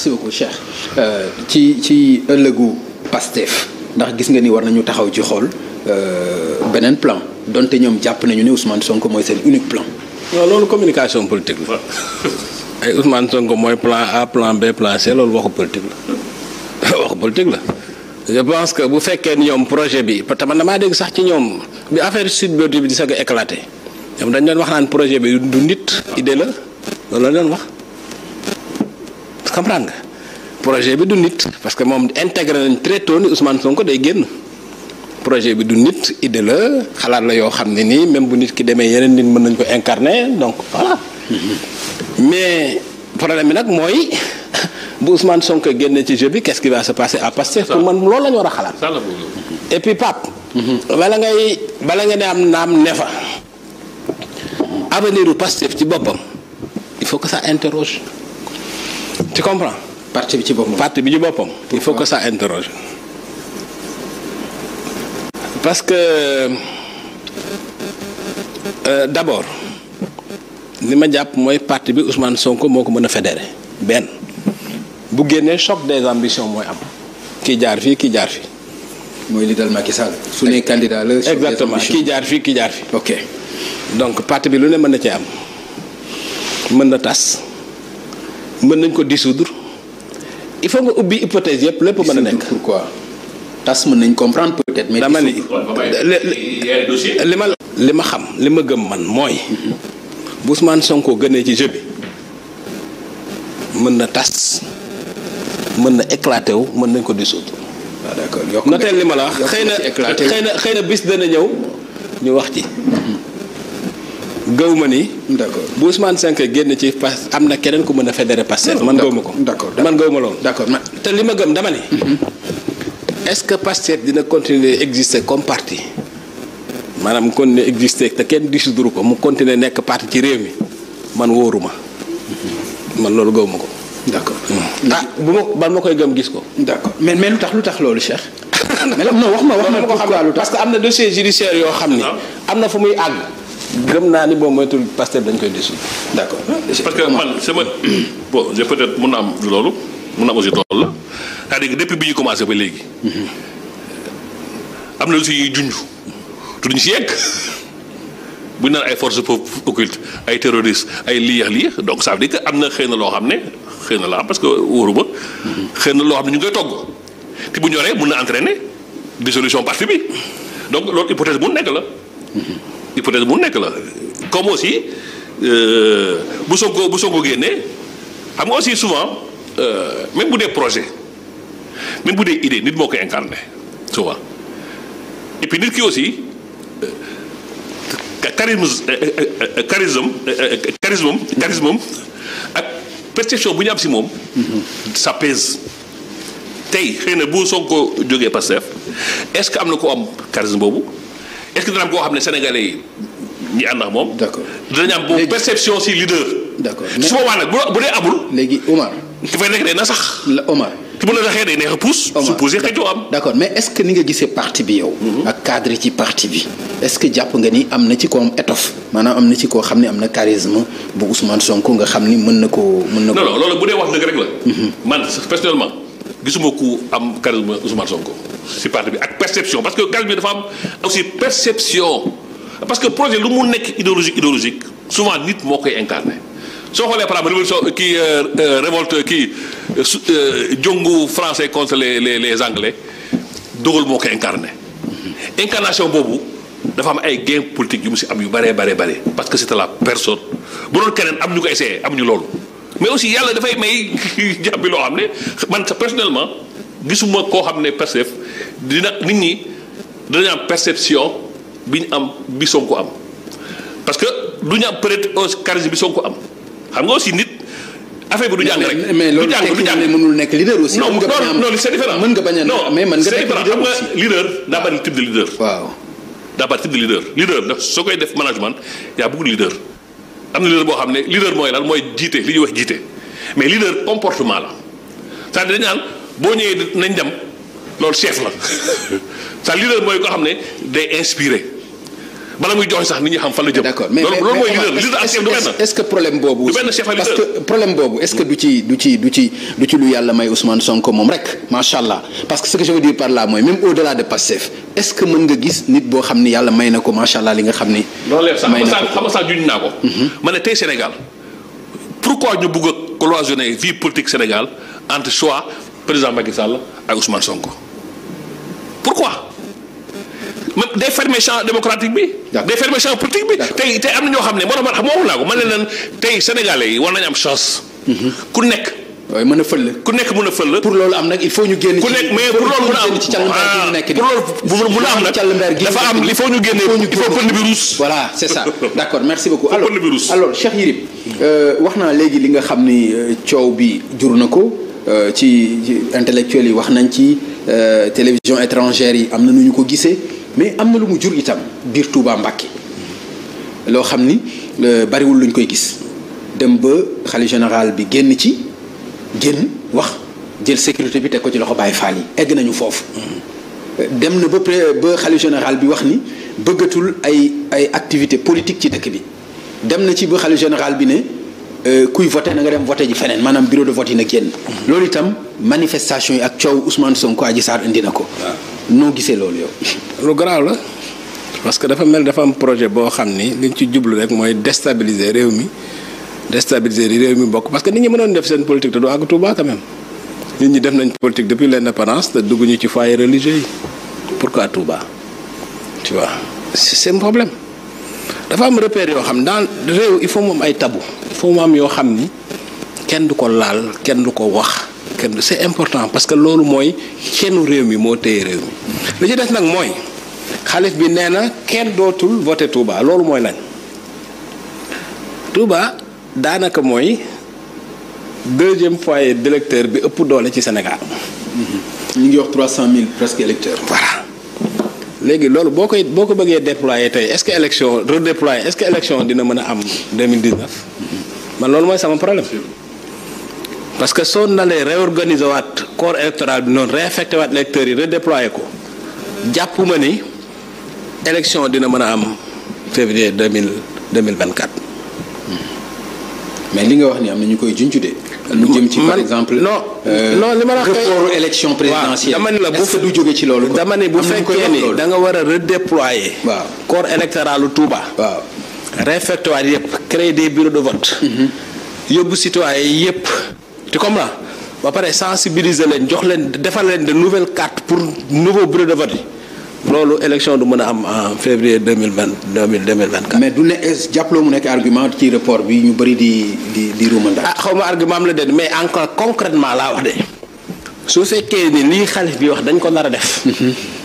merci beaucoup Cheikh euh, ci ci ëllëgu Pastef ndax gis nga ni war nañu taxaw ci xool euh, beneen plan donte ñoom jàpp nañu ne Ousmane Sonko mooy seen unique plan. non loolu communication politique la. ay Ousmane Sonko mooy plan A plan B plan C loolu waxu politique la waxu politique la. je pense que bu fekkee ni ñoom projet bi parce que man damaa dégg sax ci ñoom bi affaire sud bi di sax éclaté ñoom dañ doon wax naan projet bi du nit idée la loolu la doon wax. comprendre nga projet bi du nit parce que moom intégré nañ très tôt ni Ousmane Sonko day génn projet bi du nit idée la xalaat la yoo xam ne nii même bu nit ki demee yeneen nit mën nañ ko incarner donc voilà mais problème bi nag mooy bu Ousmane Sonko génn ci jeu bi qu'est-ce qui va se passer à Pastef pour man loolu la war a xalaat et puis Pape bala ngay bala nga ne am naam ne fa avenir u Pastef ci boppam il faut que ça interroge tu comprends. parti bi ci boppam parti bi ci boppam. il faut que ça interroge. parce que euh, d' abord li ma jàpp mooy parti bi Ousmane Sonko moo ko mën a fédéré benn bu génnee choc des ambitions mooy am kii jaar fii kii jaar fii. mooy li dal Macky Sall. su ne candidat la. exactement kii jaar fii kii jaar fii. ok donc parti bi lu ne mën na cee am mën na tas. mën nañ ko dissoudre il faut nga ubbi hypothèse yëpp lépp mën a nekk. pourquoi tas mën nañ comprendre peut-être. mais dama ni li ma li ma xam li ma gëm man mooy. bu Ousmane Sonko gënee ci jeu mën na tas mën na éclaté wu mën nañ ko dissoudre. waaw ah, d'accord yokk li ma la wax xëy na xëy na xëy na bis dana ñëw ñu wax ci. gëw ma ni. d'accord bu Ousmane Sonko génn ci Pastef am na keneen ku mën a fédéré Pastef man gëw ma ko. d'accord man gëw ma loolu. d'accord te li ma gëm dama ni. Mhm. est-ce que Pastef dina continuer exister comme parti maanaam continuer exister te kenn dissoudre ko mu continuer nekk parti ci réew mi man wóoruma mhm. man loolu gëw ma ko. d'accord mhm. ah bu ma ban ma koy gëm gis ko. d'accord mais mais tax lu tax loolu Cheikh. mais non wax ma wax ma ko xam parce que am na dossier judiciaire yoo xam ni ah. am na fa muy àgg. gëm naa ni boo moytul Pastef dañ koy dissoudre d'accord. parce que man sama bo j'ai peut-être mën am loolu mun na am aussi loolu la cest à bi ñu commencé ba léegi. am na lu si ñuy junj te duñ si yegg bu ñu naan ay forces occultes ay terroristes ay lii ak donc ça veut dire am na xëy na loo xam ne xëy na la am parce que wóoru ba xëy na loo xam ne ñu ngi togg te bu ñoree mun na entraîner dissolution parti bi donc loolu hypothèse bu nekk la. hypothèse bu nekk la comme aussi euh, bu Sonko bu Sonko génnee xam nga aussi souvent euh, même bu dee projet même bu dee idée nit moo ko incarné soo et puis nit ki aussi euh, charisme charisme charisme ak perception bu ñu am si moom. ça pèse. tey xëy na bu Sonko jógee Pastef est-ce que am na ko am charisme boobu. est-ce que dina am koo xam ne sénégalais yi ñi ànd ak moom. d'accord dinañ am boobu perception si leader. d'accord su boobaa nag bu dee amul. léegi Omar. dafay nekk day na sax. la Omar. te bu la raxee day neex a pousse. Omar su poussé xëccoo am. d'accord mais est-ce que ni nga gisee parti bi yow. Mhm. ak cadre ci parti bi. est-ce que jàpp nga ni am na ci koom étoffe. maanaam am na ci koo xam ne am na charisme bu Ousmane Sonko nga xam ni mën na koo. mën na ko non non loolu bu dee wax dëgg rek la. Mhm. man personnellement gisuma ku am charisme Ousmane Sonko. si parti bi ak perception parce que gaz bi dafa am aussi perception parce que projet lu mu nekk idéologique idéologique souvent nit moo koy incarné soo xoolee par exemple révolution euh, kii euh, euh, révolte kii jongu français contre les les les anglais dogal moo koy incarné incarnation boobu dafa am ay gain politique yu mu si am yu bëree bëree bëri parce que c'était la personne bu doon keneen am ñu ko essayé am ñu loolu mais aussi yàlla dafay may jàppi loo xam ne man personnellement gisuma koo xam ne Pastef dina nit ñi dinañ am perception bi ñu am bi Sonko am parce que du ñu am peut-être un charisme bi Sonko am xam nga aussi nit affaire bi du jàng rek. du jàng du jàng mais mënul nekk leader aussi. non non non c'est différent mën nga bañ a mais mën nga nekk leader aussi xam nga leader daa bari soo koy def management y a beaucoup de am na leader boo xam ne leader mooy lal mooy jiite li ñu wax jiite mais leader comportement la c'est-à-dire boo ñëwee nañ dem loolu chef la sa leader mooy ko xam ne day inspiré bala muy joxe sax nit ñi xam fan la jëm. d'accord mais loolu mooy leader leader ak chef du benn. est-ce moom rek macha allah parce que ce que je veux dire par là mooy même au-delà de Pastef est-ce que mën nga gis nit boo xam ni yàlla may na ko macha allah li nga xam ni. may na sax xam sax juñ naa ko. Mhm. ma ne tey Sénégal pourquoi ñu bugg a cloisonner vie politique Sénégal entre choix président Macky Sall ak Ousmane Sonko pourquoi. mais day fermer champ démocratique bi. day fermer champ politique bi. tey am na ñoo xam ne man man xamoo laa ko man ne leen tey sénégalais yi war nañu am chance. Mhm. ku nekk. waaye a fël ku nekk a pour loolu am nag il faut ñu génn. ku nekk mais pour loolu mën a am ci càllambaar gi ah, pour loolu mën a am nag dafa am il faut ñu génne il faut pënd bi ruus. c'est ça d'accord merci beaucoup. alors alors Cheikh Yérim euh, wax li nga xam ni euh, coow bi jur na ko. Euh, ci intellectuels yi wax nañ ci euh, télévision étrangère yi am na nu ñu ko gisee mais am na lu mu jur itam biir Touba Mbacké loo xam ni euh, bariwul luñ koy gis dem ba xale général bi génn ci génn wax jël sécurité bi teg ko ci loxo Baye Fall yi egg nañu foofu dem na ba ba général bi wax ni bëggatul ay ay activité politique ci dëkk bi dem na ci ba xalifa général bi ne Euh, kuy voté na nga dem voté ji feneen maanaam bureau de vote yi na génn. loolu itam manifestation yi ak coow Ousmane Sonko Adji Sarr indi na ko. noo gisee loolu yow. lu garaaw la parce que dafa mel dafa am projet boo xam ni liñ ci jublu rek mooy déstabiliser réew mi déstabiliser réew mi bokk parce que nit ñi mënoon def seen politique te du àgg Touba quand même. ñi def nañ politique depuis l'indépendance te dugg ñu ci foyer religieux yi pourquoi Touba tu vois c'est problème. dafa am repère yoo xam daan réew il faut moom ay tabu il faut am yoo xam ni kenn du ko laal kenn du ko wax kenn du c'est important parce que loolu mooy kennu réew mi moo téye réew mi. li ci des nag mooy xalif bi nee na kenn dootul voté Touba loolu mooy lañ Touba daanaka mooy deuxième foyer directeur bi ëpp doole ci Sénégal. Mmh. ñu ngi wax trois cent mille presque électeurs. voilà. léegi loolu boo koy boo ko bëggee déployer tey est-ce que élection redéployer est-ce que élection dina mën a am 2019 man loolu mooy sama problème parce que soo nalee réorganiser waat corps électoral bi noonu réaffecté waat électeurs yi redéployer ko jàpp ma ni élection dina mën a am février deux mille deux mille vingt-quatre mais li nga wax ni am na ñu koy junjudee. lu jëm ci par exemple. no euh, non li ma la report élection présidentielle. dama ne la bu du jóge ci loolu. dama ne bu fekkee ni da nga war a redéployer. waaw corps électoral Touba. waaw réfectoire yëpp créer des bureaux de vote. Mm-hmm. yóbbu citoyen yëpp. tu comprends ba pare sensibiliser leen jox leen defal leen de nouvelle cartes pour nouveau bureau de vote loolu élection du mën a am en février deux mille vingt deux mille vingt quatre. mais du ne jàppaloo mu nekk argument ci report bi ñu bëri di di di ruumandaat. ah xaw ma argument am la de mais encore concrètement laa wax de su fekkee ni lii xalis bi wax dañ ko nar a def. Mhm.